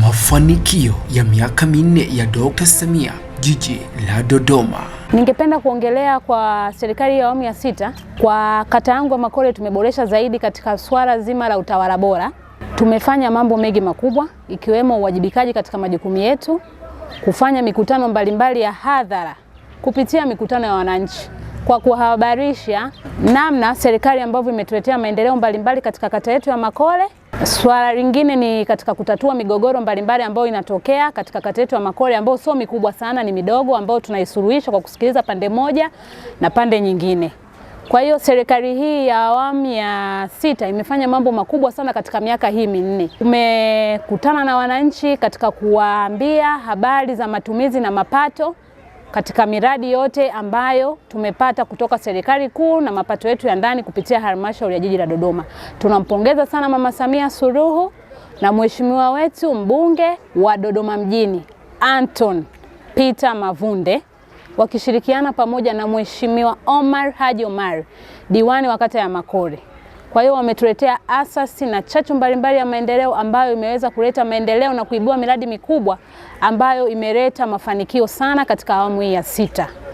Mafanikio ya miaka minne ya Dr. Samia jiji la Dodoma. Ningependa kuongelea kwa serikali ya awamu ya sita. Kwa kata yangu ya Makole tumeboresha zaidi katika swala zima la utawala bora. Tumefanya mambo mengi makubwa ikiwemo uwajibikaji katika majukumu yetu, kufanya mikutano mbalimbali ya hadhara kupitia mikutano ya wananchi kwa kuhabarisha namna serikali ambavyo imetuletea maendeleo mbalimbali katika kata yetu ya Makole. Swala lingine ni katika kutatua migogoro mbalimbali ambayo inatokea katika kata yetu ya Makole ambayo sio mikubwa sana, ni midogo ambayo tunaisuluhisha kwa kusikiliza pande moja na pande nyingine. Kwa hiyo serikali hii ya awamu ya sita imefanya mambo makubwa sana katika miaka hii minne. Umekutana na wananchi katika kuwaambia habari za matumizi na mapato katika miradi yote ambayo tumepata kutoka serikali kuu na mapato yetu ya ndani kupitia halmashauri ya jiji la Dodoma. Tunampongeza sana Mama Samia Suluhu na mheshimiwa wetu mbunge wa Dodoma mjini Anton Peter Mavunde wakishirikiana pamoja na mheshimiwa Omar Haji Omar, diwani wa kata ya Makore. Kwa hiyo wametuletea asasi na chachu mbalimbali ya maendeleo ambayo imeweza kuleta maendeleo na kuibua miradi mikubwa ambayo imeleta mafanikio sana katika awamu hii ya sita.